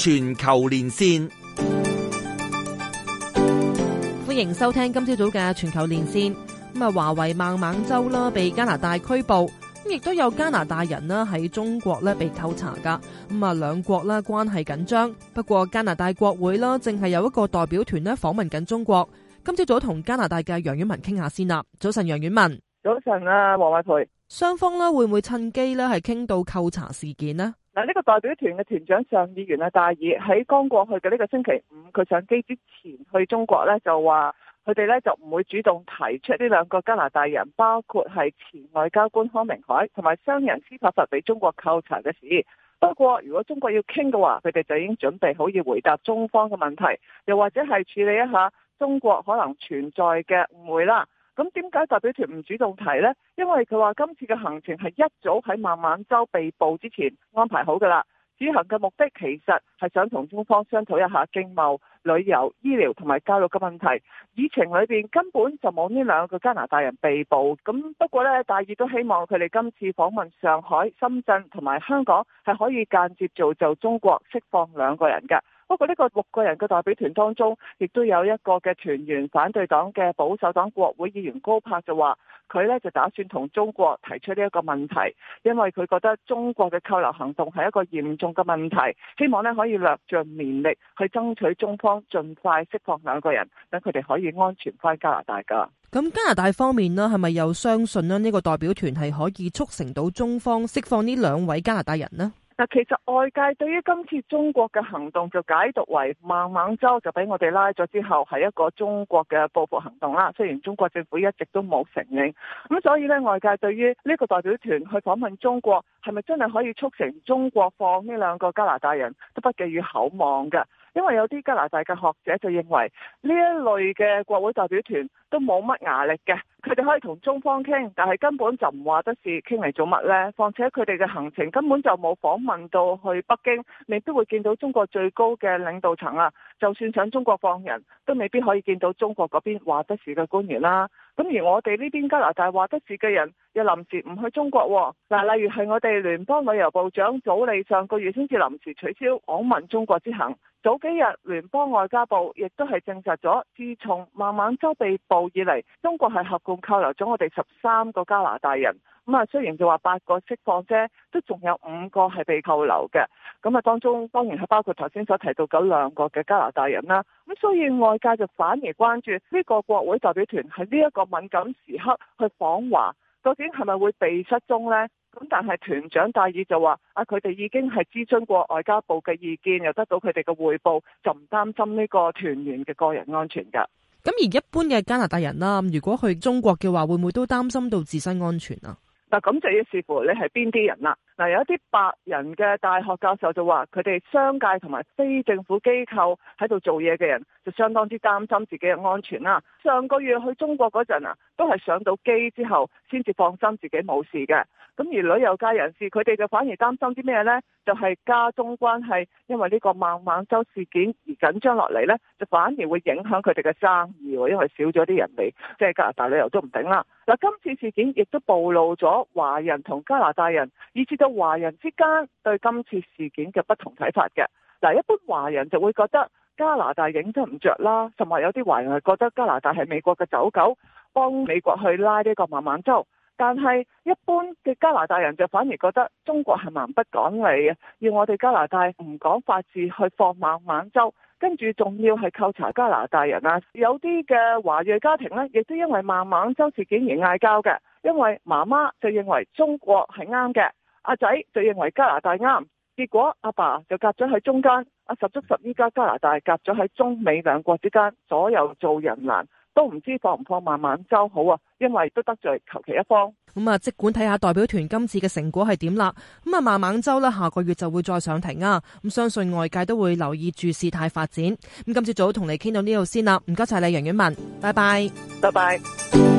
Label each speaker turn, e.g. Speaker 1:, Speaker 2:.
Speaker 1: 全球連線，歡迎收聽今朝早嘅全球連線。咁啊，華為孟晚舟啦，被加拿大拘捕，咁亦都有加拿大人啦喺中國咧被扣查噶。咁啊，兩國啦關係緊張，不過加拿大國會啦正係有一個代表團咧訪問緊中國。今朝早同加拿大嘅楊婉文傾下先啦。早晨，楊婉文。
Speaker 2: 早晨啊，王慧蓓。
Speaker 1: 雙方咧會唔會趁機咧係傾到扣查事件呢？
Speaker 2: 嗱，呢個代表團嘅團長上議員啊戴爾喺剛過去嘅呢個星期五，佢上機之前去中國呢就話佢哋呢就唔會主動提出呢兩個加拿大人，包括係前外交官康明凱同埋商人斯帕弗俾中國扣查嘅事。不過如果中國要傾嘅話，佢哋就已經準備好要回答中方嘅問題，又或者係處理一下中國可能存在嘅誤會啦。咁點解代表團唔主動提呢？因為佢話今次嘅行程係一早喺孟晚舟被捕之前安排好㗎啦。此行嘅目的其實係想同中方商討一下經貿、旅遊、醫療同埋教育嘅問題。議程裏面根本就冇呢兩個加拿大人被捕。咁不過呢，大二都希望佢哋今次訪問上海、深圳同埋香港係可以間接做就中國釋放兩個人㗎。不過呢個六個人嘅代表團當中，亦都有一個嘅團員，反對黨嘅保守黨國會議員高柏，就話，佢呢就打算同中國提出呢一個問題，因為佢覺得中國嘅扣留行動係一個嚴重嘅問題，希望呢可以略盡綿力去爭取中方盡快釋放兩個人，等佢哋可以安全翻加拿大噶。
Speaker 1: 咁加拿大方面咧，係咪又相信咧呢個代表團係可以促成到中方釋放呢兩位加拿大人呢？
Speaker 2: 嗱，其實外界對於今次中國嘅行動就解讀為孟晚舟，就俾我哋拉咗之後，係一個中國嘅報復行動啦。雖然中國政府一直都冇承認，咁所以呢，外界對於呢個代表團去訪問中國，係咪真係可以促成中國放呢兩個加拿大人都不寄予厚望嘅？因為有啲加拿大嘅學者就認為呢一類嘅國會代表團都冇乜牙力嘅，佢哋可以同中方傾，但係根本就唔話得事，傾嚟做乜呢？況且佢哋嘅行程根本就冇訪問到去北京，未必會見到中國最高嘅領導層啊。就算想中國放人，都未必可以見到中國嗰邊話得事嘅官員啦。咁而我哋呢邊加拿大話得事嘅人又臨時唔去中國，嗱，例如係我哋聯邦旅遊部長祖利上個月先至臨時取消訪問中國之行。早幾日，聯邦外交部亦都係證實咗，自從孟晚舟被捕以嚟，中國係合共扣留咗我哋十三個加拿大人。咁啊，雖然就話八個釋放啫，都仲有五個係被扣留嘅。咁啊，當中當然係包括頭先所提到嗰兩個嘅加拿大人啦。咁所以外界就反而關注呢個國會代表團喺呢一個敏感時刻去訪華，究竟係咪會被失蹤呢？咁但係團長戴爾就話，啊，佢哋已經係諮詢過外交部嘅意見，又得到佢哋嘅匯報，就唔擔心呢個團員嘅個人安全噶。
Speaker 1: 咁而一般嘅加拿大人啦、啊，如果去中國嘅話，會唔會都擔心到自身安全啊？
Speaker 2: 嗱、啊，咁就要視乎你係邊啲人啦、啊。嗱、啊，有一啲白人嘅大學教授就話，佢哋商界同埋非政府機構喺度做嘢嘅人就相當之擔心自己嘅安全啦、啊。上個月去中國嗰陣啊，都係上到機之後先至放心自己冇事嘅。咁而旅遊界人士，佢哋就反而擔心啲咩呢？就係、是、家中關係，因為呢個孟晚舟事件而緊張落嚟呢，就反而會影響佢哋嘅生意喎。因為少咗啲人嚟，即係加拿大旅遊都唔定啦。嗱，今次事件亦都暴露咗華人同加拿大人，以至到華人之間對今次事件嘅不同睇法嘅。嗱，一般華人就會覺得加拿大認真唔著啦，同埋有啲華人係覺得加拿大係美國嘅走狗，幫美國去拉呢個孟晚舟。但係一般嘅加拿大人就反而覺得中國係蠻不講理嘅，要我哋加拿大唔講法治去放孟晚舟。跟住仲要係扣查加拿大人啊！有啲嘅華裔家庭呢，亦都因為孟晚舟事件而嗌交嘅，因為媽媽就認為中國係啱嘅，阿仔就認為加拿大啱，結果阿爸就夾咗喺中間，阿十足十依家加拿大夾咗喺中美兩國之間，左右做人難。都唔知道放唔放孟晚舟好啊，因為都得罪求其一方。
Speaker 1: 咁啊，即管睇下代表團今次嘅成果係點啦。咁啊，孟晚舟咧，下個月就會再上庭啊。咁相信外界都會留意住事態發展。咁今朝早同你傾到呢度先啦。唔該晒，你楊婉文，拜拜，拜拜。